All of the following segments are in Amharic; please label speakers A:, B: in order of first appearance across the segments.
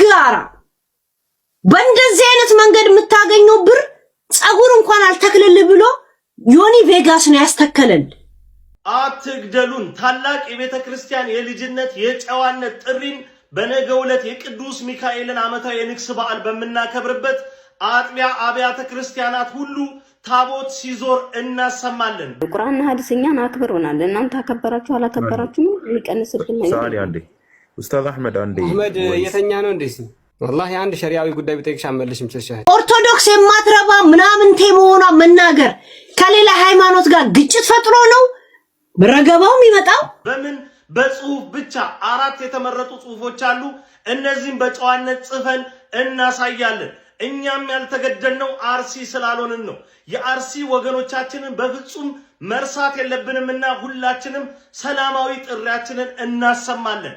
A: ጋራ በእንደዚህ አይነት መንገድ የምታገኘው ብር ጸጉር እንኳን አልተክልል ብሎ ዮኒ ቬጋስ ነው ያስተከለል።
B: አትግደሉን! ታላቅ የቤተ ክርስቲያን የልጅነት የጨዋነት ጥሪን በነገ ዕለት የቅዱስ ሚካኤልን ዓመታዊ የንግስ በዓል በምናከብርበት አጥቢያ አብያተ ክርስቲያናት ሁሉ ታቦት ሲዞር እናሰማለን።
A: ቁርአንና ሐዲስ እኛን አክብሮናል። እናንተ አከበራችሁ አላከበራችሁ የሚቀንስብን
C: ኡስታዝ አሕመድ አንዴ
D: አሕመድ የተኛ ነው እንዴ? ወላሂ አንድ ሸሪያዊ ጉዳይ ብጠይቅሽ አመልሽም ትልሽ።
A: ኦርቶዶክስ የማትረባ ምናምንቴ መሆኗ መናገር ከሌላ ሃይማኖት ጋር ግጭት ፈጥሮ ነው ረገባው የሚመጣው
B: በምን በጽሁፍ ብቻ አራት የተመረጡ ጽሁፎች አሉ። እነዚህም በጨዋነት ጽፈን እናሳያለን። እኛም ያልተገደልነው አርሲ ስላልሆንን ነው። የአርሲ ወገኖቻችንን በፍጹም መርሳት የለብንምና ሁላችንም ሰላማዊ ጥሪያችንን እናሰማለን።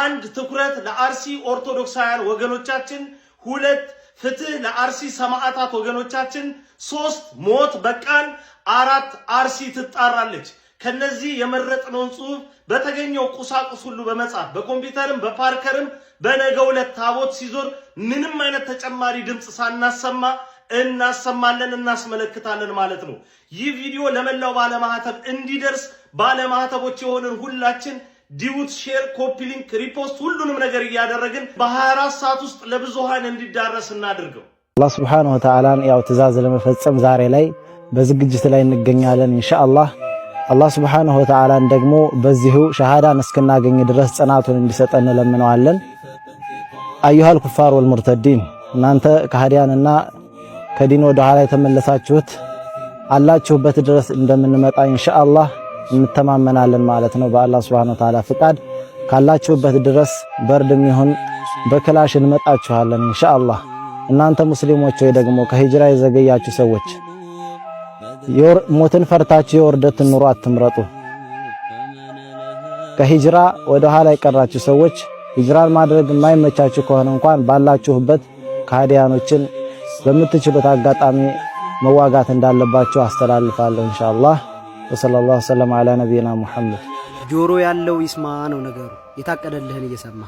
B: አንድ ትኩረት ለአርሲ ኦርቶዶክሳውያን ወገኖቻችን፣ ሁለት ፍትህ ለአርሲ ሰማዕታት ወገኖቻችን፣ ሶስት ሞት በቃን፣ አራት አርሲ ትጣራለች። ከነዚህ የመረጥነውን ጽሁፍ በተገኘው ቁሳቁስ ሁሉ በመጻፍ በኮምፒውተርም በፓርከርም በነገ ሁለት ታቦት ሲዞር ምንም አይነት ተጨማሪ ድምፅ ሳናሰማ እናሰማለን እናስመለክታለን ማለት ነው። ይህ ቪዲዮ ለመላው ባለማህተብ እንዲደርስ ባለማህተቦች የሆንን ሁላችን ዲቡት፣ ሼር፣ ሊንክ፣ ሪፖስት ሁሉንም ነገር እያደረግን በ24 ሰዓት ውስጥ ለብዙሃን እንዲዳረስ እናድርገው።
D: አላህ ስብሓነሁ ወተዓላን ያው ትእዛዝ ለመፈጸም ዛሬ ላይ በዝግጅት ላይ እንገኛለን ኢንሻአላህ። አላህ ስብሓነሁ ወተዓላን ደግሞ በዚሁ ሸሃዳን እስክናገኝ ድረስ ጽናቱን እንዲሰጠን እንለምነዋለን። አዩሃል ኩፋር ወልሙርተዲን እናንተ ከሃዲያንና ከዲን ወደ ኋላ የተመለሳችሁት አላችሁበት ድረስ እንደምንመጣ ኢንሻአላህ እንተማመናለን ማለት ነው። በአላህ ሱብሓነሁ ወተዓላ ፍቃድ ካላችሁበት ድረስ በርድም ይሁን በክላሽ እንመጣችኋለን ኢንሻአላህ። እናንተ ሙስሊሞች ወይ ደግሞ ከሂጅራ የዘገያችሁ ሰዎች ሞትን ፈርታችሁ የወርደት ኑሮ አትምረጡ። ከሂጅራ ወደ ኋላ የቀራችሁ ሰዎች ሂጅራን ማድረግ የማይመቻችሁ ከሆነ እንኳን ባላችሁበት ከሃዲያኖችን በምትችሉት አጋጣሚ መዋጋት እንዳለባችሁ አስተላልፋለሁ ኢንሻአላህ። ወሰለላሁ ሰለም አላ ነቢና ሙሐመድ።
A: ጆሮ ያለው ይስማ ነው ነገሩ። የታቀደልህን እየሰማ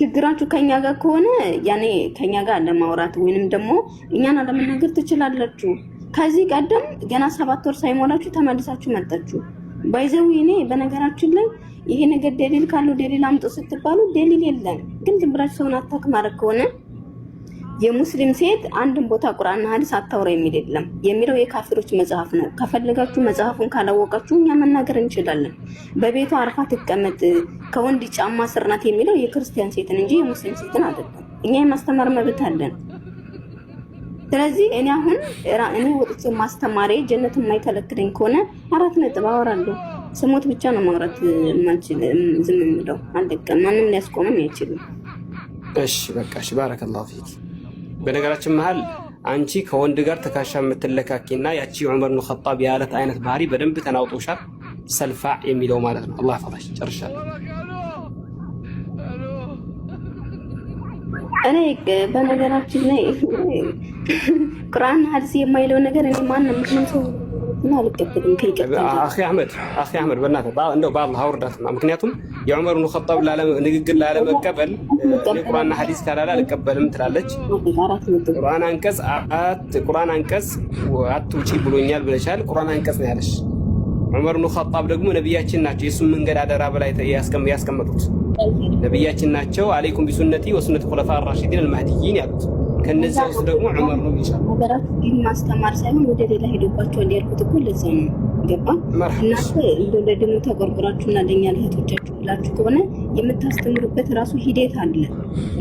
A: ችግራችሁ ከኛ ጋር ከሆነ ያኔ ከኛ ጋር ለማውራት ወይንም ደግሞ እኛን አለመናገር ትችላላችሁ። ከዚህ ቀደም ገና ሰባት ወር ሳይሞላችሁ ተመልሳችሁ መጣችሁ። ባይዘዊ እኔ በነገራችን ላይ ይሄ ነገር ደሊል ካለው ደሊል አምጡ ስትባሉ ደሊል የለም። ግን ዝም ብላችሁ ሰውን አታክ ማድረግ ከሆነ የሙስሊም ሴት አንድን ቦታ ቁርአንና ሀዲስ አታውራ የሚል የለም የሚለው የካፊሮች መጽሐፍ ነው። ከፈለጋችሁ መጽሐፉን ካላወቃችሁ እኛ መናገር እንችላለን። በቤቱ አርፋ ትቀመጥ፣ ከወንድ ጫማ ስር ናት የሚለው የክርስቲያን ሴትን እንጂ የሙስሊም ሴትን አይደለም። እኛ የማስተማር መብት አለን። ስለዚህ እኔ አሁን እኔ ወጥቼ ማስተማሪ ጀነት የማይከለክለኝ ከሆነ አራት ነጥብ አወራለሁ። ስሞት ብቻ ነው ማውራት ማልችል፣ ዝም የምለው አለቀ። ማንም ሊያስቆመም አይችልም።
D: እሺ በቃ እሺ፣ ባረከላሁ ፊክ በነገራችን መሀል አንቺ ከወንድ ጋር ተካሻ የምትለካኪና ያቺ ዑመር ብኑ ኸጣብ ያለት አይነት ባህሪ በደንብ ተናውጦሻል። ሰልፋ የሚለው ማለት ነው። አላህ ፈታሽ። ጨርሻለሁ።
A: እኔ በነገራችን ላይ ቁርአን ሀዲስ የማይለው ነገር እኔ ማንም ሰው ግን አልቀበልም።
D: አህመድ አኺ አህመድ በእናትህ እንደው በአላህ አውርዳት። ምክንያቱም የዑመር ብን ኸጣብ ንግግር ላለመቀበል የቁርአንና ሐዲስ ካላለ አልቀበልም ትላለች። ቁርአን አንቀጽ አትውጪ ብሎኛል ብለሻል። ቁርአን አንቀጽ ነው ያለሽ። ዑመር ብን ኸጣብ ደግሞ ነቢያችን ናቸው። የእሱን መንገድ አደራ በላይ ያስቀመጡት ነቢያችን ናቸው። አለይኩም ቢሱነቲ ወሱነት ኩለፋ ራሽዲን አልማህዲይን ያሉት ከነዚያ ውስጥ ደግሞ ዑመር ነው ይሻል።
A: ሀገራት ዲን ማስተማር ሳይሆን ወደ ሌላ ሄደባቸዋል እንዲያልኩት እኮ ለዛ ነው። ገባ እናንተ እንደ ለድኑ ተቆርቁራችሁና ለእኛ ለእህቶቻችሁ ብላችሁ ከሆነ የምታስተምሩበት ራሱ ሂደት አለ።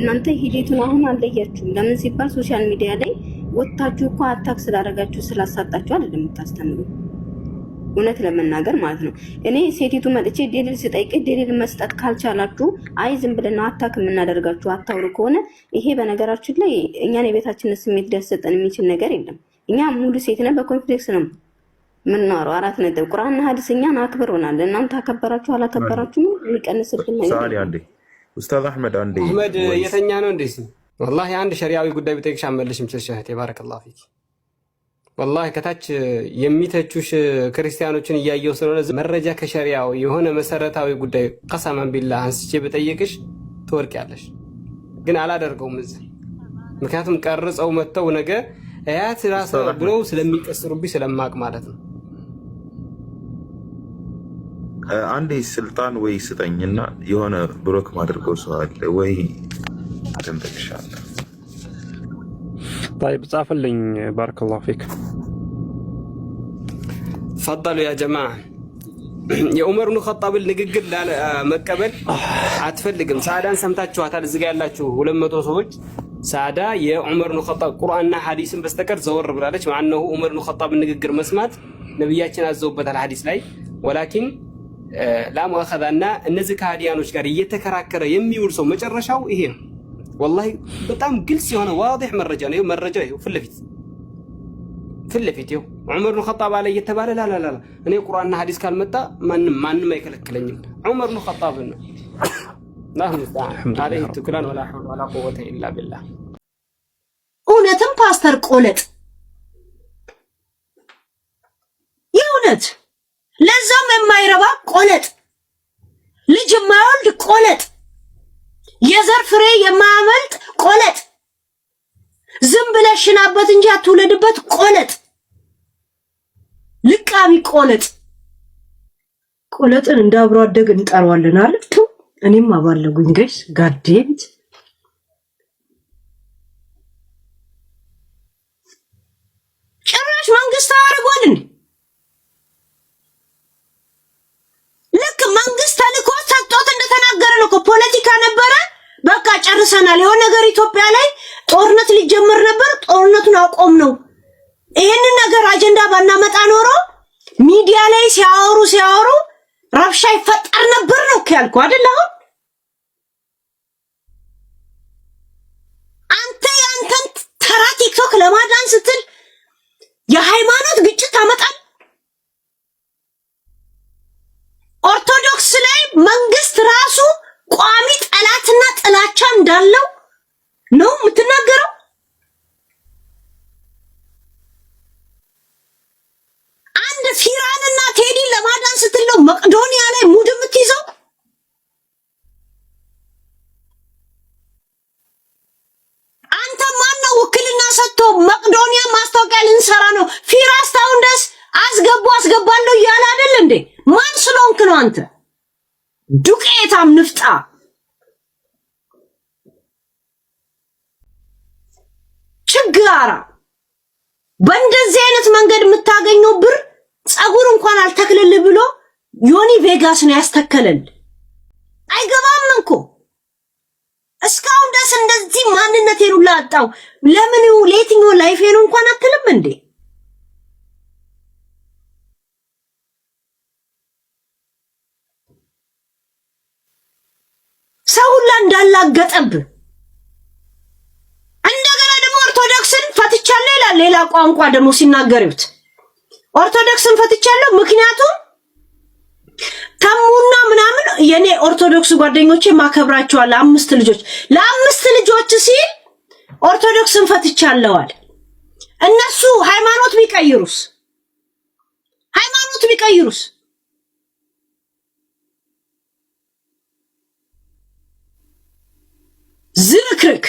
A: እናንተ ሂደቱን አሁን አለያችሁም። ለምን ሲባል ሶሻል ሚዲያ ላይ ወጥታችሁ እኮ አታክ ስላደረጋችሁ ስላሳጣችሁ አይደለም የምታስተምሩ እውነት ለመናገር ማለት ነው። እኔ ሴቲቱ መጥቼ ደሊል ስጠይቅ ደሊል መስጠት ካልቻላችሁ አይ ዝም ብለና አታክ የምናደርጋችሁ አታውሩ ከሆነ ይሄ በነገራችን ላይ እኛን የቤታችንን ስሜት ሊያሰጠን የሚችል ነገር የለም። እኛ ሙሉ ሴት ነን። በኮንፍሌክስ ነው የምናወራው። አራት ነጥብ ቁርአንና ሀዲስ እኛን አክብሮናል። እናንተ አከበራችሁ አላከበራችሁ ሊቀንስብን
C: አንዴ ኡስታዝ አሕመድ አንዴ
D: አሕመድ የተኛ ነው እንዴ? ወላሂ አንድ ሸሪያዊ ጉዳይ ብጠይቅሽ አመለሽ ምችል ሸህት የባረከላሁ ፊክ ወላሂ ከታች የሚተቹሽ ክርስቲያኖችን እያየው ስለሆነ መረጃ ከሸሪያው የሆነ መሰረታዊ ጉዳይ ቀሰመን ቢላ አንስቼ በጠየቅሽ ትወድቂያለሽ። ግን አላደርገውም እዚህ ምክንያቱም ቀርጸው መጥተው ነገ እያት ራስ ብለው ስለሚቀስሩብኝ ስለማቅ ማለት ነው።
C: አንዴ ስልጣን ወይ ስጠኝና የሆነ ብሮክ ማድርገው ሰው አለ ወይ አደንበቅሻለሁ
D: ጣይብ ጻፍልኝ። ባረከላሁ ፊክ ፈጠሉ ያ ጀማ የኡመር ብኑ ኸጣብን ንግግር መቀበል አትፈልግም። ሳዕዳን ሰምታችኋታል። እዚጋ ያላችሁ ሁለት መቶ ሰዎች ሳዕዳ የዑመር ብኑ ኸጣብ ቁርአንና ሐዲስን በስተቀር ዘወር ብላለች። ማነሁ ዑመር ብኑ ኸጣብን ንግግር መስማት ነቢያችን አዘውበታል ሐዲስ ላይ ወላኪን ላሙአኸዛና እነዚህ ከሃዲያኖች ጋር እየተከራከረ የሚውል ሰው መጨረሻው ይሄ ነው። والله بطعم شيء وانا واضح من يوم من رجاء في اللفت في اللفت يوم عمر بن الخطاب علي يتبالي لا لا لا لا انا قران هذه قال متى من من ما يكلكلني عمر بن الخطاب لا عليه توكلا ولا حول ولا قوه الا بالله
A: اونتم باستر قولت يونت لازم ما يربا قولت لجمال قولت የዘር ፍሬ የማያመልጥ ቆለጥ፣ ዝም ብለሽ ሽናበት እንጂ አትውለድበት ቆለጥ፣ ልቃሚ ቆለጥ። ቆለጥን እንደ አብሮ አደግ እንጠራዋለን አይደል? እኔም አባለጉኝ ጋይስ ጋዴት ጭራሽ መንግስት አያደርጓል እንዴ? በቃ ጨርሰናል። የሆነ ነገር ኢትዮጵያ ላይ ጦርነት ሊጀመር ነበር፣ ጦርነቱን አቆም ነው። ይህንን ነገር አጀንዳ ባናመጣ ኖሮ ሚዲያ ላይ ሲያወሩ ሲያወሩ ረብሻ ይፈጠር ነበር ነው ያልኩ አይደል? አሁን አንተ የአንተን ተራ ቲክቶክ ለማዳን ስትል የሃይማኖት ግጭት ታመጣል። ኦርቶዶክስ ላይ መንግስት ራሱ ቋሚ ጠላትና ጥላቻ እንዳለው ነው የምትናገረው። አንድ ፊራንና ቴዲ ለማዳን ስትለው መቅዶኒያ ላይ ሙድ የምትይዘው አንተ ማን ነው? ውክልና ሰጥቶ መቅዶኒያ ማስታወቂያ ልንሰራ ነው ፊራስታውንደስ አስገቡ አስገባለሁ እያለ አይደል እንዴ? ማን ስለሆንክ ነው አንተ? ዱቄታም ንፍጣ ችጋራ በእንደዚህ አይነት መንገድ የምታገኘው ብር ጸጉር እንኳን አልተክልል ብሎ ዮኒ ቬጋስ ነው ያስተከለል። አይገባም እንኮ እስካሁን ድረስ እንደዚህ ማንነቴን ሁላ አጣው። ለምን ለየትኛው ላይፍ እንኳን አትልም እንዴ? ሰውላ እንዳላገጠብ እንደገና ደግሞ ኦርቶዶክስን ፈትቻለሁ ይላል። ሌላ ቋንቋ ደግሞ ሲናገሩት ኦርቶዶክስን ፈትቻለሁ ምክንያቱም ተሙና ምናምን የኔ ኦርቶዶክስ ጓደኞቼ ማከብራቸዋል። አምስት ልጆች ለአምስት ልጆች ሲል ኦርቶዶክስን ፈትቻለዋል። እነሱ ሃይማኖት ቢቀይሩስ ሃይማኖት ቢቀይሩስ ዝርክርክ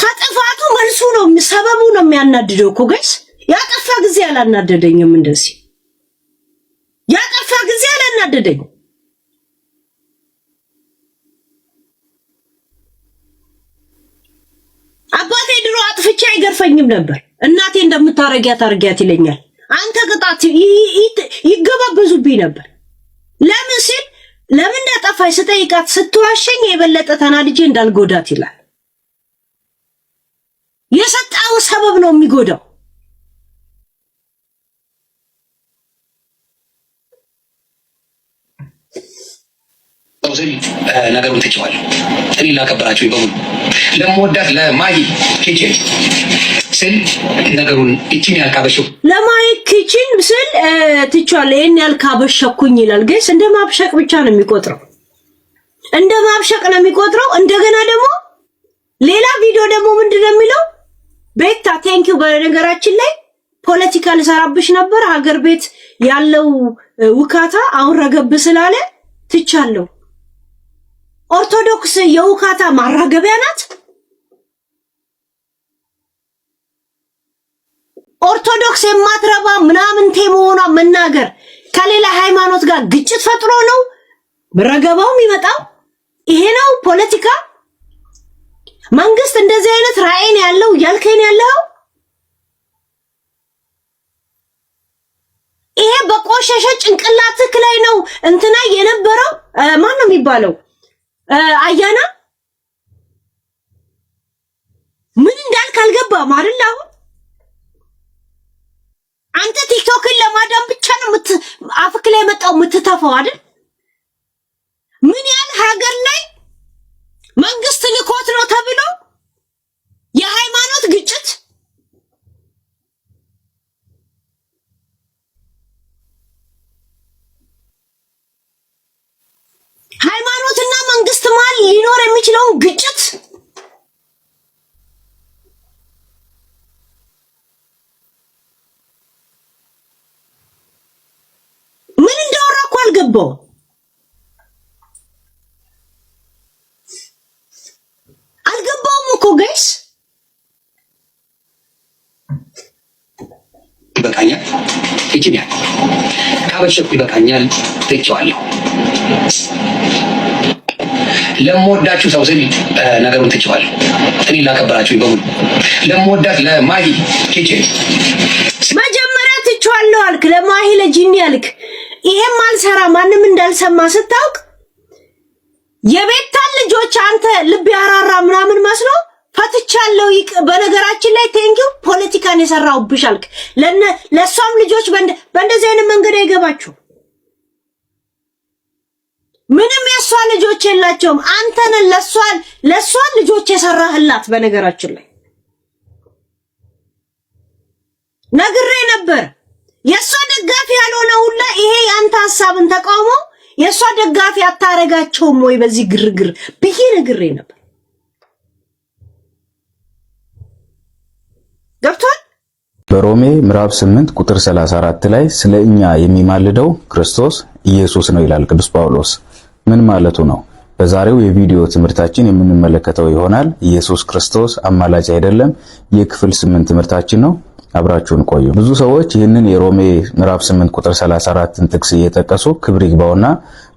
A: ከጥፋቱ መልሱ ነው ሰበቡ ነው የሚያናድደው እኮ ጋይስ። ያጠፋ ጊዜ አላናደደኝም፣ እንደዚህ ያጠፋ ጊዜ አላናደደኝ አባቴ ድሮ አጥፍቼ አይገርፈኝም ነበር። እናቴ እንደምታረጊያት አርጊያት ይለኛል። አንተ ቅጣት ይገባበዙብኝ ነበር። ለምን ሲል ለምን እንዳጠፋች ስጠይቃት ስትዋሸኝ የበለጠ ተናድጄ እንዳልጎዳት ይላል። የሰጣው ሰበብ ነው የሚጎዳው።
E: ስል ነገሩን ትችዋል። እኔ ላከበራችሁ በሙሉ ለመወዳት ለማይ ኬጄ ስል ነገሩን ይችን ያልካበሸ
A: ለማየት ኪችን ስል ትቼዋለሁ። ይህን ያልካበሸኩኝ ይላል። ግስ እንደ ማብሸቅ ብቻ ነው የሚቆጥረው፣ እንደ ማብሸቅ ነው የሚቆጥረው። እንደገና ደግሞ ሌላ ቪዲዮ ደግሞ ምንድን ነው የሚለው? ቤታ ቴንኪዩ። በነገራችን ላይ ፖለቲካ ልሰራብሽ ነበር፣ ሀገር ቤት ያለው ውካታ አሁን ረገብ ስላለ ትቻለሁ። ኦርቶዶክስ የውካታ ማራገቢያ ናት። ኦርቶዶክስ የማትረባ ምናምንቴ መሆኗ መናገር ከሌላ ሃይማኖት ጋር ግጭት ፈጥሮ ነው ረገባው የሚመጣው። ይሄ ነው ፖለቲካ። መንግስት እንደዚህ አይነት ራዕይን ያለው እያልከኝ ያለው ይሄ በቆሸሸ ጭንቅላትክ ላይ ነው እንትና የነበረው ማን ነው የሚባለው አያና ምን እንዳልክ አልገባም አይደል አሁን አንተ ቲክቶክን ለማዳን ብቻ ነው አፍክ ላይ መጣው የምትተፈው አይደል? ምን ያህል ሀገር ላይ መንግስት ልኮት ነው ተብሎ የሃይማኖት ግጭት ሃይማኖትና መንግስት መሀል ሊኖር የሚችለውን ግጭት Bo አልገባውም እኮ ጋይስ
E: ይበቃኛል፣ ይችኛል ካበሸኩ ይበቃኛል፣ ትቼዋለሁ። ለምወዳችሁ ሰው ስል ነገሩን ትቼዋለሁ። እኔ ላከበራችሁ በሙሉ ለምወዳት ለማሂ ኬቼ
A: መጀመሪያ ትቼዋለሁ አልክ፣ ለማሂ ለጂኒ አልክ። ይሄም አልሰራ ማንም እንዳልሰማ ስታውቅ የቤታን ልጆች አንተ ልብ ያራራ ምናምን መስሎ ፈትቻለሁ። በነገራችን ላይ ቴንኪው ፖለቲካን የሰራሁብሽ አልክ። ለሷም ልጆች በእንደዚህ አይነት መንገድ አይገባችሁ። ምንም የእሷ ልጆች የላቸውም። አንተንን ለእሷ ልጆች የሰራህላት። በነገራችን ላይ ነግሬ ነበር። የእሷ ደጋፊ ያልሆነ ሁላ ይሄ የአንተ ሀሳብን ተቃውሞ የእሷ ደጋፊ አታረጋቸውም ወይ በዚህ ግርግር ብዬ ነግሬ ነበር። ገብቷል።
F: በሮሜ ምዕራፍ 8 ቁጥር 34 ላይ ስለ እኛ የሚማልደው ክርስቶስ ኢየሱስ ነው ይላል ቅዱስ ጳውሎስ። ምን ማለቱ ነው? በዛሬው የቪዲዮ ትምህርታችን የምንመለከተው ይሆናል። ኢየሱስ ክርስቶስ አማላጅ አይደለም የክፍል ስምንት ትምህርታችን ነው። አብራችሁን ቆዩ። ብዙ ሰዎች ይህንን የሮሜ ምዕራፍ 8 ቁጥር 34ን ጥቅስ እየጠቀሱ ክብር ይግባውና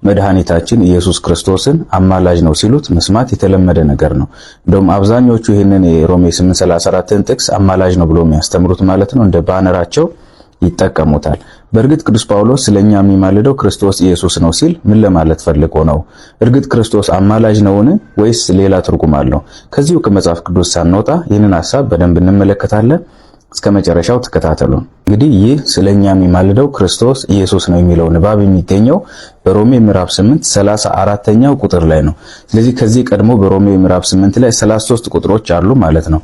F: መድኃኒታችን ኢየሱስ ክርስቶስን አማላጅ ነው ሲሉት መስማት የተለመደ ነገር ነው። እንደውም አብዛኞቹ ይህንን የሮሜ 8:34ን ጥቅስ አማላጅ ነው ብሎ የሚያስተምሩት ማለት ነው እንደ ባነራቸው ይጠቀሙታል። በእርግጥ ቅዱስ ጳውሎስ ስለኛ የሚማልደው ክርስቶስ ኢየሱስ ነው ሲል ምን ለማለት ፈልጎ ነው? እርግጥ ክርስቶስ አማላጅ ነውን? ወይስ ሌላ ትርጉም አለው? ከዚሁ ከመጽሐፍ ቅዱስ ሳንወጣ ይህንን ሐሳብ በደንብ እንመለከታለን። እስከ መጨረሻው ተከታተሉ። እንግዲህ ይህ ስለኛ የሚማልደው ክርስቶስ ኢየሱስ ነው የሚለው ንባብ የሚገኘው በሮሜ ምዕራፍ 8 34ኛው ቁጥር ላይ ነው። ስለዚህ ከዚህ ቀድሞ በሮሜ ምዕራፍ 8 ላይ 33 ቁጥሮች አሉ ማለት ነው።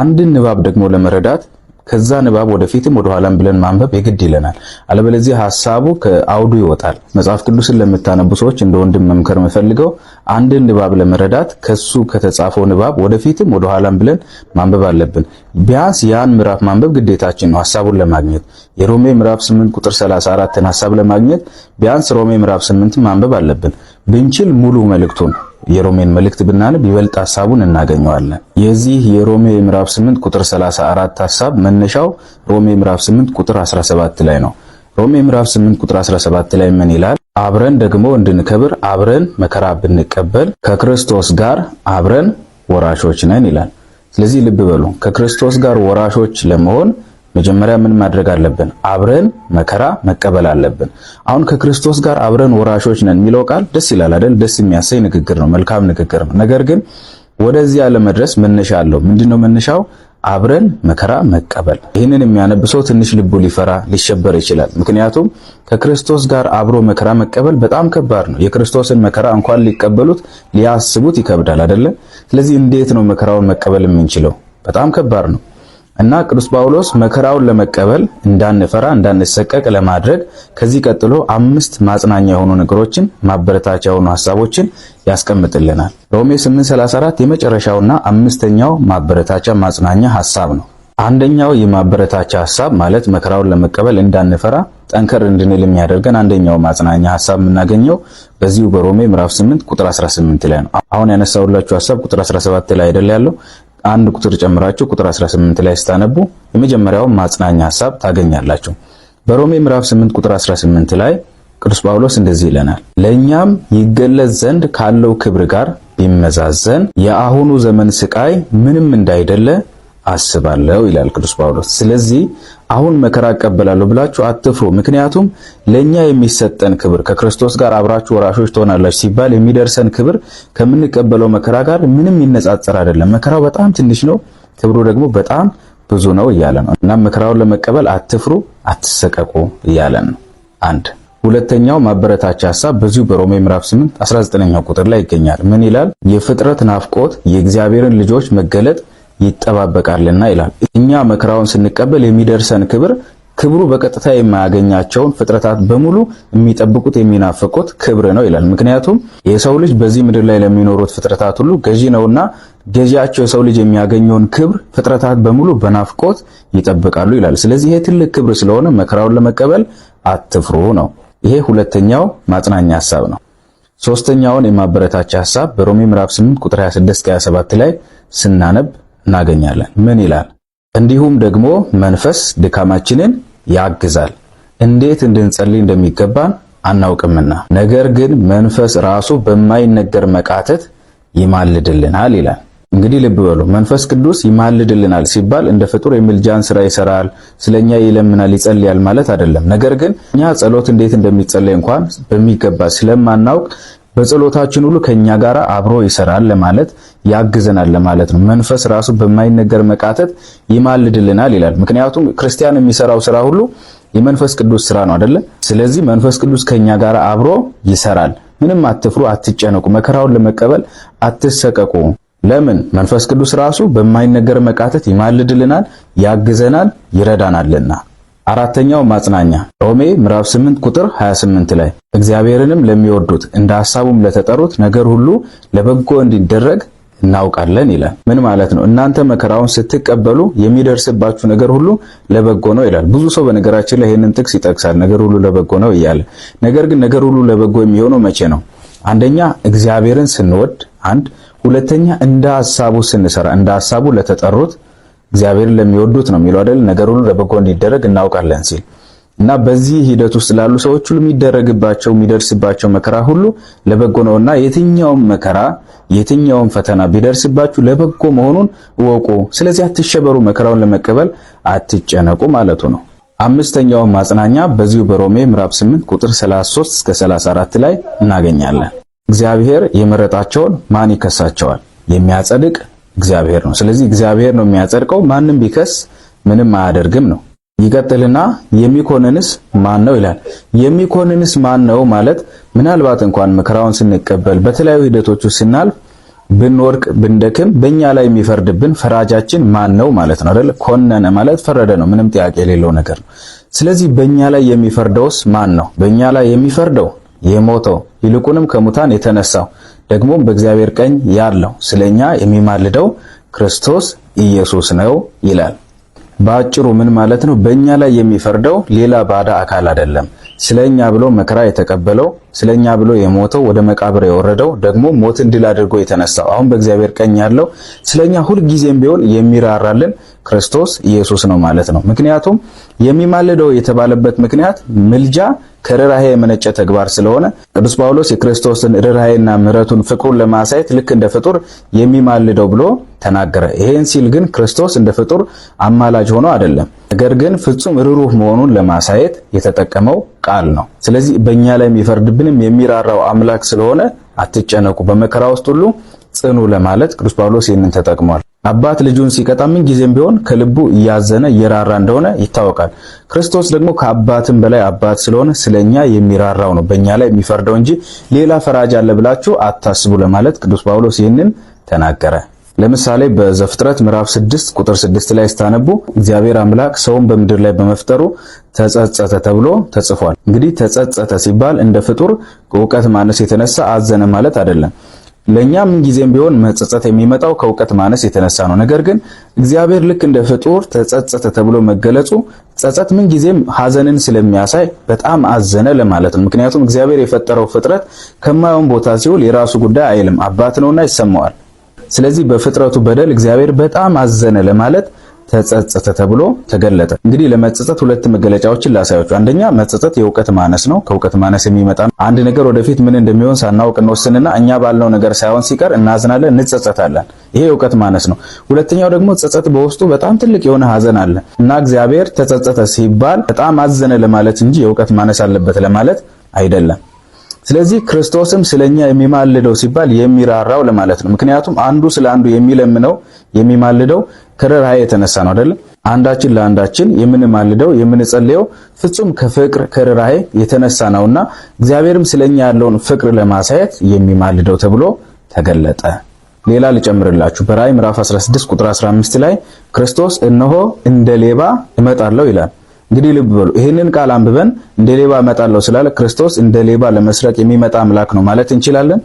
F: አንድን ንባብ ደግሞ ለመረዳት ከዛ ንባብ ወደፊትም ወደኋላም ብለን ማንበብ የግድ ይለናል። አለበለዚያ ሀሳቡ ከአውዱ ይወጣል። መጽሐፍ ቅዱስን ለምታነቡ ሰዎች እንደ ወንድም መምከር የምፈልገው አንድን ንባብ ለመረዳት ከሱ ከተጻፈው ንባብ ወደፊትም ወደኋላም ብለን ማንበብ አለብን። ቢያንስ ያን ምዕራፍ ማንበብ ግዴታችን ነው ሀሳቡን ለማግኘት። የሮሜ ምዕራፍ 8 ቁጥር 34ን ሀሳብ ለማግኘት ቢያንስ ሮሜ ምዕራፍ 8 ማንበብ አለብን ብንችል ሙሉ መልእክቱን የሮሜን መልእክት ብናነብ ይበልጥ ሐሳቡን እናገኘዋለን። የዚህ የሮሜ ምዕራፍ 8 ቁጥር 34 ሐሳብ መነሻው ሮሜ ምዕራፍ 8 ቁጥር 17 ላይ ነው። ሮሜ ምዕራፍ 8 ቁጥር 17 ላይ ምን ይላል? አብረን ደግሞ እንድንከብር አብረን መከራ ብንቀበል ከክርስቶስ ጋር አብረን ወራሾች ነን ይላል። ስለዚህ ልብ በሉ ከክርስቶስ ጋር ወራሾች ለመሆን መጀመሪያ ምን ማድረግ አለብን? አብረን መከራ መቀበል አለብን። አሁን ከክርስቶስ ጋር አብረን ወራሾች ነን የሚለው ቃል ደስ ይላል አይደል? ደስ የሚያሰኝ ንግግር ነው፣ መልካም ንግግር ነው። ነገር ግን ወደዚያ ለመድረስ መነሻ አለው። ምንድነው መነሻው? አብረን መከራ መቀበል። ይህንን የሚያነብ ሰው ትንሽ ልቡ ሊፈራ ሊሸበር ይችላል። ምክንያቱም ከክርስቶስ ጋር አብሮ መከራ መቀበል በጣም ከባድ ነው። የክርስቶስን መከራ እንኳን ሊቀበሉት ሊያስቡት ይከብዳል አይደለ? ስለዚህ እንዴት ነው መከራውን መቀበል የምንችለው? በጣም ከባድ ነው። እና ቅዱስ ጳውሎስ መከራውን ለመቀበል እንዳንፈራ እንዳንሰቀቅ ለማድረግ ከዚህ ቀጥሎ አምስት ማጽናኛ የሆኑ ነገሮችን ማበረታቻ የሆኑ ሐሳቦችን ያስቀምጥልናል። ሮሜ 8:34 የመጨረሻውና አምስተኛው ማበረታቻ ማጽናኛ ሐሳብ ነው። አንደኛው የማበረታቻ ሐሳብ ማለት መከራውን ለመቀበል እንዳንፈራ ጠንከር እንድንል የሚያደርገን አንደኛው ማጽናኛ ሐሳብ የምናገኘው በዚሁ በሮሜ ምዕራፍ 8 ቁጥር 18 ላይ ነው። አሁን ያነሳውላችሁ ሐሳብ ቁጥር 17 ላይ አይደል ያለው አንድ ቁጥር ጨምራችሁ ቁጥር 18 ላይ ስታነቡ የመጀመሪያውን ማጽናኛ ሐሳብ ታገኛላችሁ። በሮሜ ምዕራፍ 8 ቁጥር 18 ላይ ቅዱስ ጳውሎስ እንደዚህ ይለናል፣ ለእኛም ይገለጽ ዘንድ ካለው ክብር ጋር ቢመዛዘን የአሁኑ ዘመን ስቃይ ምንም እንዳይደለ አስባለሁ ይላል ቅዱስ ጳውሎስ። ስለዚህ አሁን መከራ እቀበላለሁ ብላችሁ አትፍሩ። ምክንያቱም ለኛ የሚሰጠን ክብር ከክርስቶስ ጋር አብራችሁ ወራሾች ትሆናላችሁ ሲባል የሚደርሰን ክብር ከምንቀበለው መከራ ጋር ምንም ይነጻጸር አይደለም። መከራው በጣም ትንሽ ነው፣ ክብሩ ደግሞ በጣም ብዙ ነው እያለ ነው። እናም መከራውን ለመቀበል አትፍሩ፣ አትሰቀቁ እያለ ነው። አንድ ሁለተኛው ማበረታቻ ሐሳብ በዚሁ በሮሜ ምዕራፍ 8 19ኛው ቁጥር ላይ ይገኛል። ምን ይላል? የፍጥረት ናፍቆት የእግዚአብሔርን ልጆች መገለጥ ይጠባበቃልና ይላል። እኛ መከራውን ስንቀበል የሚደርሰን ክብር ክብሩ በቀጥታ የማያገኛቸውን ፍጥረታት በሙሉ የሚጠብቁት የሚናፍቁት ክብር ነው ይላል። ምክንያቱም የሰው ልጅ በዚህ ምድር ላይ ለሚኖሩት ፍጥረታት ሁሉ ገዢ ነውና ገዢያቸው የሰው ልጅ የሚያገኘውን ክብር ፍጥረታት በሙሉ በናፍቆት ይጠብቃሉ ይላል። ስለዚህ ይሄ ትልቅ ክብር ስለሆነ መከራውን ለመቀበል አትፍሩ ነው። ይሄ ሁለተኛው ማጽናኛ ሐሳብ ነው። ሶስተኛውን የማበረታቻ ሐሳብ በሮሜ ምዕራፍ 8 ቁጥር 26 27 ላይ ስናነብ እናገኛለን። ምን ይላል? እንዲሁም ደግሞ መንፈስ ድካማችንን ያግዛል፣ እንዴት እንድንጸልይ እንደሚገባን አናውቅምና፣ ነገር ግን መንፈስ ራሱ በማይነገር መቃተት ይማልድልናል ይላል። እንግዲህ ልብ በሉ መንፈስ ቅዱስ ይማልድልናል ሲባል እንደ ፍጡር የምልጃን ስራ ይሰራል፣ ስለኛ ይለምናል፣ ይጸልያል ማለት አይደለም። ነገር ግን እኛ ጸሎት እንዴት እንደሚጸለይ እንኳን በሚገባ ስለማናውቅ በጸሎታችን ሁሉ ከኛ ጋር አብሮ ይሰራል ለማለት ያግዘናል ለማለት ነው። መንፈስ ራሱ በማይነገር መቃተት ይማልድልናል ይላል። ምክንያቱም ክርስቲያን የሚሰራው ስራ ሁሉ የመንፈስ ቅዱስ ስራ ነው አይደለ? ስለዚህ መንፈስ ቅዱስ ከኛ ጋር አብሮ ይሰራል። ምንም አትፍሩ፣ አትጨነቁ፣ መከራውን ለመቀበል አትሰቀቁ። ለምን? መንፈስ ቅዱስ ራሱ በማይነገር መቃተት ይማልድልናል፣ ያግዘናል፣ ይረዳናልና። አራተኛው ማጽናኛ ሮሜ ምዕራፍ 8 ቁጥር 28 ላይ እግዚአብሔርንም ለሚወዱት እንደ ሐሳቡም ለተጠሩት ነገር ሁሉ ለበጎ እንዲደረግ እናውቃለን ይላል። ምን ማለት ነው? እናንተ መከራውን ስትቀበሉ የሚደርስባችሁ ነገር ሁሉ ለበጎ ነው ይላል። ብዙ ሰው በነገራችን ላይ ይህንን ጥቅስ ይጠቅሳል፣ ነገር ሁሉ ለበጎ ነው እያለ። ነገር ግን ነገር ሁሉ ለበጎ የሚሆነው መቼ ነው? አንደኛ እግዚአብሔርን ስንወድ አንድ፣ ሁለተኛ እንደ ሐሳቡ ስንሰራ እንደ ሐሳቡ ለተጠሩት እግዚአብሔርን ለሚወዱት ነው የሚለው አይደል? ነገር ሁሉ ለበጎ እንዲደረግ እናውቃለን ሲል እና በዚህ ሂደት ውስጥ ላሉ ሰዎች ሁሉ የሚደረግባቸው የሚደርስባቸው መከራ ሁሉ ለበጎ ነውና የትኛውም መከራ የትኛውም ፈተና ቢደርስባችሁ ለበጎ መሆኑን እወቁ። ስለዚህ አትሸበሩ፣ መከራውን ለመቀበል አትጨነቁ ማለቱ ነው። አምስተኛው ማጽናኛ በዚሁ በሮሜ ምዕራፍ 8 ቁጥር 33 እስከ 34 ላይ እናገኛለን። እግዚአብሔር የመረጣቸውን ማን ይከሳቸዋል? የሚያጸድቅ እግዚአብሔር ነው። ስለዚህ እግዚአብሔር ነው የሚያጸድቀው፣ ማንም ቢከስ ምንም አያደርግም ነው። ይቀጥልና የሚኮንንስ ማን ነው ይላል። የሚኮንንስ ማን ነው ማለት ምናልባት እንኳን መከራውን ስንቀበል በተለያዩ ሂደቶቹ ስናልፍ ብንወድቅ ብንደክም በእኛ ላይ የሚፈርድብን ፈራጃችን ማን ነው ማለት ነው አይደል? ኮነነ ማለት ፈረደ ነው። ምንም ጥያቄ የሌለው ነገር ነው። ስለዚህ በእኛ ላይ የሚፈርደውስ ማን ነው? በእኛ ላይ የሚፈርደው የሞተው ይልቁንም ከሙታን የተነሳው ደግሞም በእግዚአብሔር ቀኝ ያለው ስለኛ የሚማልደው ክርስቶስ ኢየሱስ ነው ይላል። በአጭሩ ምን ማለት ነው? በእኛ ላይ የሚፈርደው ሌላ ባዳ አካል አይደለም። ስለኛ ብሎ መከራ የተቀበለው ስለኛ ብሎ የሞተው ወደ መቃብር የወረደው ደግሞ ሞትን ድል አድርጎ የተነሳው አሁን በእግዚአብሔር ቀኝ ያለው ስለኛ ሁልጊዜም ቢሆን የሚራራልን ክርስቶስ ኢየሱስ ነው ማለት ነው። ምክንያቱም የሚማልደው የተባለበት ምክንያት ምልጃ ከርኅራኄ የመነጨ ተግባር ስለሆነ ቅዱስ ጳውሎስ የክርስቶስን ርኅራኄና ምሕረቱን ፍቅሩን ለማሳየት ልክ እንደ ፍጡር የሚማልደው ብሎ ተናገረ። ይሄን ሲል ግን ክርስቶስ እንደ ፍጡር አማላጅ ሆኖ አይደለም፣ ነገር ግን ፍጹም ርኅሩህ መሆኑን ለማሳየት የተጠቀመው ቃል ነው። ስለዚህ በእኛ ላይ የሚፈርድብንም የሚራራው አምላክ ስለሆነ አትጨነቁ፣ በመከራ ውስጥ ሁሉ ጽኑ ለማለት ቅዱስ ጳውሎስ ይህንን ተጠቅሟል። አባት ልጁን ሲቀጣ ምን ጊዜም ቢሆን ከልቡ እያዘነ እየራራ እንደሆነ ይታወቃል። ክርስቶስ ደግሞ ከአባትም በላይ አባት ስለሆነ ስለኛ የሚራራው ነው በእኛ ላይ የሚፈርደው እንጂ ሌላ ፈራጅ አለ ብላችሁ አታስቡ ለማለት ቅዱስ ጳውሎስ ይህንን ተናገረ። ለምሳሌ በዘፍጥረት ምዕራፍ 6 ቁጥር 6 ላይ ስታነቡ እግዚአብሔር አምላክ ሰውን በምድር ላይ በመፍጠሩ ተጸጸተ ተብሎ ተጽፏል። እንግዲህ ተጸጸተ ሲባል እንደ ፍጡር እውቀት ማነስ የተነሳ አዘነ ማለት አይደለም። ለእኛ ምን ጊዜም ቢሆን መጸጸት የሚመጣው ከእውቀት ማነስ የተነሳ ነው። ነገር ግን እግዚአብሔር ልክ እንደ ፍጡር ተጸጸተ ተብሎ መገለጹ ጸጸት ምን ጊዜም ሐዘንን ስለሚያሳይ በጣም አዘነ ለማለት ነው። ምክንያቱም እግዚአብሔር የፈጠረው ፍጥረት ከማየውን ቦታ ሲውል የራሱ ጉዳይ አይልም፣ አባት ነውና ይሰማዋል። ስለዚህ በፍጥረቱ በደል እግዚአብሔር በጣም አዘነ ለማለት ተጸጸተ ተብሎ ተገለጠ። እንግዲህ ለመጸጸት ሁለት መገለጫዎችን ላሳያችሁ። አንደኛ መጸጸት የእውቀት ማነስ ነው። ከእውቀት ማነስ የሚመጣ ነው። አንድ ነገር ወደፊት ምን እንደሚሆን ሳናውቅ እንወስንና እኛ ባልነው ነገር ሳይሆን ሲቀር እናዝናለን፣ እንጸጸታለን። ይሄ የእውቀት ማነስ ነው። ሁለተኛው ደግሞ ጸጸት በውስጡ በጣም ትልቅ የሆነ ሀዘን አለ እና እግዚአብሔር ተጸጸተ ሲባል በጣም አዘነ ለማለት እንጂ የእውቀት ማነስ አለበት ለማለት አይደለም። ስለዚህ ክርስቶስም ስለኛ የሚማልደው ሲባል የሚራራው ለማለት ነው። ምክንያቱም አንዱ ስለ አንዱ የሚለምነው የሚማልደው ከርኅራኄ የተነሳ ነው አይደል? አንዳችን ለአንዳችን የምንማልደው የምንጸልየው ፍጹም ከፍቅር ከርኅራኄ የተነሳ ነውና እግዚአብሔርም ስለኛ ያለውን ፍቅር ለማሳየት የሚማልደው ተብሎ ተገለጠ። ሌላ ልጨምርላችሁ። በራእይ ምዕራፍ 16 ቁጥር 15 ላይ ክርስቶስ እነሆ እንደ ሌባ እመጣለሁ ይላል። እንግዲህ ልብ በሉ ይህንን ቃል አንብበን እንደ ሌባ እመጣለሁ ስላለ ክርስቶስ እንደ ሌባ ለመስረቅ የሚመጣ አምላክ ነው ማለት እንችላለን?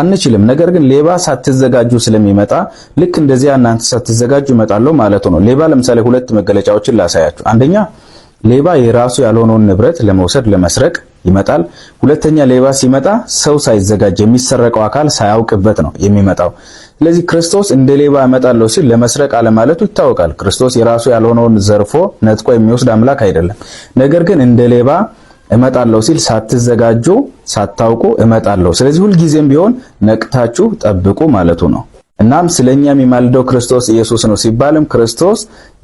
F: አንችልም። ነገር ግን ሌባ ሳትዘጋጁ ስለሚመጣ ልክ እንደዚያ እናንተ ሳትዘጋጁ እመጣለሁ ማለት ነው። ሌባ ለምሳሌ ሁለት መገለጫዎችን ላሳያችሁ። አንደኛ ሌባ የራሱ ያልሆነውን ንብረት ለመውሰድ ለመስረቅ ይመጣል። ሁለተኛ ሌባ ሲመጣ ሰው ሳይዘጋጅ የሚሰረቀው አካል ሳያውቅበት ነው የሚመጣው። ስለዚህ ክርስቶስ እንደ ሌባ እመጣለሁ ሲል ለመስረቅ አለማለቱ ይታወቃል። ክርስቶስ የራሱ ያልሆነውን ዘርፎ ነጥቆ የሚወስድ አምላክ አይደለም። ነገር ግን እንደ ሌባ እመጣለሁ ሲል ሳትዘጋጁ፣ ሳታውቁ እመጣለሁ። ስለዚህ ሁልጊዜም ቢሆን ነቅታችሁ ጠብቁ ማለቱ ነው። እናም ስለኛ የሚማልደው ክርስቶስ ኢየሱስ ነው ሲባልም ክርስቶስ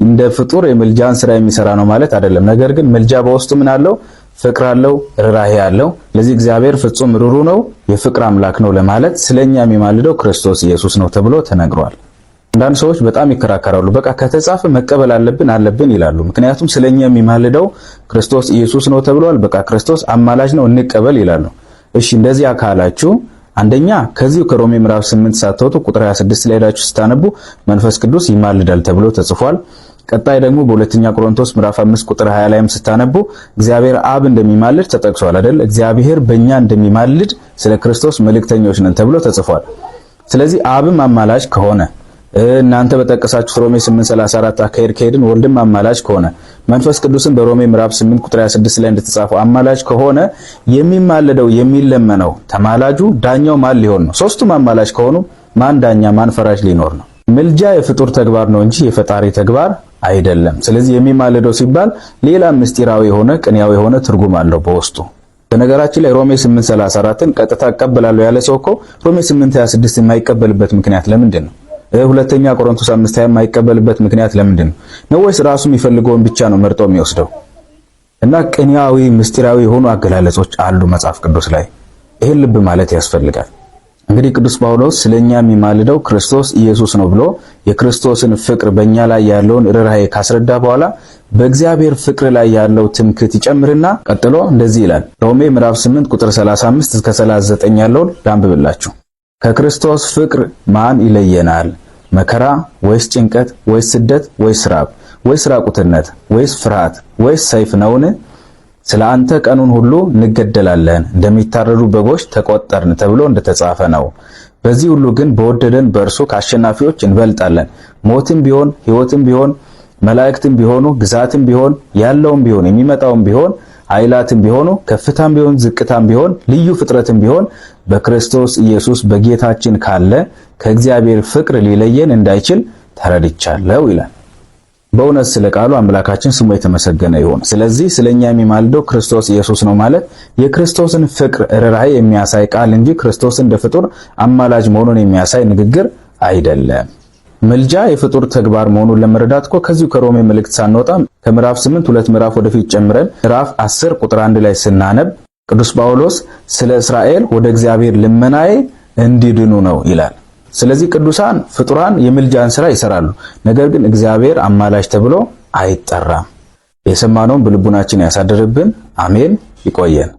F: እንደ ፍጡር የምልጃን ስራ የሚሰራ ነው ማለት አይደለም። ነገር ግን ምልጃ በውስጡ ምን አለው? ፍቅር አለው፣ ርህራሄ አለው። ለዚህ እግዚአብሔር ፍጹም ሩሩ ነው፣ የፍቅር አምላክ ነው ለማለት ስለኛ የሚማልደው ክርስቶስ ኢየሱስ ነው ተብሎ ተነግሯል። አንዳንድ ሰዎች በጣም ይከራከራሉ። በቃ ከተጻፈ መቀበል አለብን አለብን ይላሉ። ምክንያቱም ስለኛ የሚማልደው ክርስቶስ ኢየሱስ ነው ተብሏል። በቃ ክርስቶስ አማላጅ ነው እንቀበል ይላሉ። እሺ እንደዚህ ካላችሁ አንደኛ ከዚሁ ከሮሜ ምዕራፍ 8 ሳትወጡ ቁጥር 26 ላይ ሄዳችሁ ስታነቡ መንፈስ ቅዱስ ይማልዳል ተብሎ ተጽፏል። ቀጣይ ደግሞ በሁለተኛ ቆሮንቶስ ምዕራፍ 5 ቁጥር 20 ላይም ስታነቡ እግዚአብሔር አብ እንደሚማልድ ተጠቅሷል አይደል? እግዚአብሔር በእኛ እንደሚማልድ ስለ ክርስቶስ መልእክተኞች ነን ተብሎ ተጽፏል። ስለዚህ አብም አማላጅ ከሆነ እናንተ በጠቀሳችሁ ሮሜ 8:34 አካሄድ ከሄድን ወልድም አማላጅ ከሆነ መንፈስ ቅዱስን በሮሜ ምዕራፍ 8 ቁጥር 26 ላይ እንደተጻፈው አማላጅ ከሆነ የሚማለደው የሚለመነው ተማላጁ ዳኛው ማን ሊሆን ነው? ሶስቱም አማላጅ ከሆኑ ማን ዳኛ ማን ፈራጅ ሊኖር ነው? ምልጃ የፍጡር ተግባር ነው እንጂ የፈጣሪ ተግባር አይደለም። ስለዚህ የሚማልደው ሲባል ሌላ ምስጢራዊ የሆነ ቅንያዊ የሆነ ትርጉም አለው በውስጡ። በነገራችን ላይ ሮሜ 8:34ን ቀጥታ እቀበላለሁ ያለ ሰው እኮ ሮሜ 8:26 የማይቀበልበት ምክንያት ለምንድን ነው? ሁለተኛ ቆሮንቶስ 5:20 የማይቀበልበት ምክንያት ለምንድን ነው? ነው ወይስ ራሱ የሚፈልገውን ብቻ ነው መርጦ የሚወስደው? እና ቅንያዊ ምስጢራዊ የሆኑ አገላለጾች አሉ መጽሐፍ ቅዱስ ላይ። ይህን ልብ ማለት ያስፈልጋል። እንግዲህ ቅዱስ ጳውሎስ ስለኛ የሚማልደው ክርስቶስ ኢየሱስ ነው ብሎ የክርስቶስን ፍቅር በእኛ ላይ ያለውን ርኅራኄ ካስረዳ በኋላ በእግዚአብሔር ፍቅር ላይ ያለው ትምክት ይጨምርና ቀጥሎ እንደዚህ ይላል። ሮሜ ምዕራፍ 8 ቁጥር 35 እስከ 39 ያለውን ላንብብላችሁ። ከክርስቶስ ፍቅር ማን ይለየናል? መከራ ወይስ ጭንቀት ወይስ ስደት ወይስ ራብ ወይስ ራቁትነት ወይስ ፍርሃት ወይስ ሰይፍ ነውን? ስለ አንተ ቀኑን ሁሉ እንገደላለን እንደሚታረዱ በጎች ተቆጠርን ተብሎ እንደተጻፈ ነው። በዚህ ሁሉ ግን በወደደን በእርሱ ከአሸናፊዎች እንበልጣለን። ሞትም ቢሆን ሕይወትም ቢሆን መላእክትም ቢሆኑ ግዛትም ቢሆን ያለውም ቢሆን የሚመጣውም ቢሆን ኃይላትም ቢሆኑ ከፍታም ቢሆን ዝቅታም ቢሆን ልዩ ፍጥረትም ቢሆን በክርስቶስ ኢየሱስ በጌታችን ካለ ከእግዚአብሔር ፍቅር ሊለየን እንዳይችል ተረድቻለሁ ይላል። በእውነት ስለ ቃሉ አምላካችን ስሙ የተመሰገነ ይሁን። ስለዚህ ስለኛ የሚማልደው ክርስቶስ ኢየሱስ ነው ማለት የክርስቶስን ፍቅር ርኅራኄ የሚያሳይ ቃል እንጂ ክርስቶስ እንደ ፍጡር አማላጅ መሆኑን የሚያሳይ ንግግር አይደለም። ምልጃ የፍጡር ተግባር መሆኑን ለመረዳት እኮ ከዚሁ ከሮሜ መልእክት ሳንወጣ ከምዕራፍ 8 ሁለት ምዕራፍ ወደፊት ጨምረን ምዕራፍ 10 ቁጥር 1 ላይ ስናነብ ቅዱስ ጳውሎስ ስለ እስራኤል ወደ እግዚአብሔር ልመናዬ እንዲድኑ ነው ይላል። ስለዚህ ቅዱሳን ፍጡራን የምልጃን ስራ ይሰራሉ። ነገር ግን እግዚአብሔር አማላጅ ተብሎ አይጠራም። የሰማነውን በልቡናችን ያሳደርብን አሜን። ይቆየን።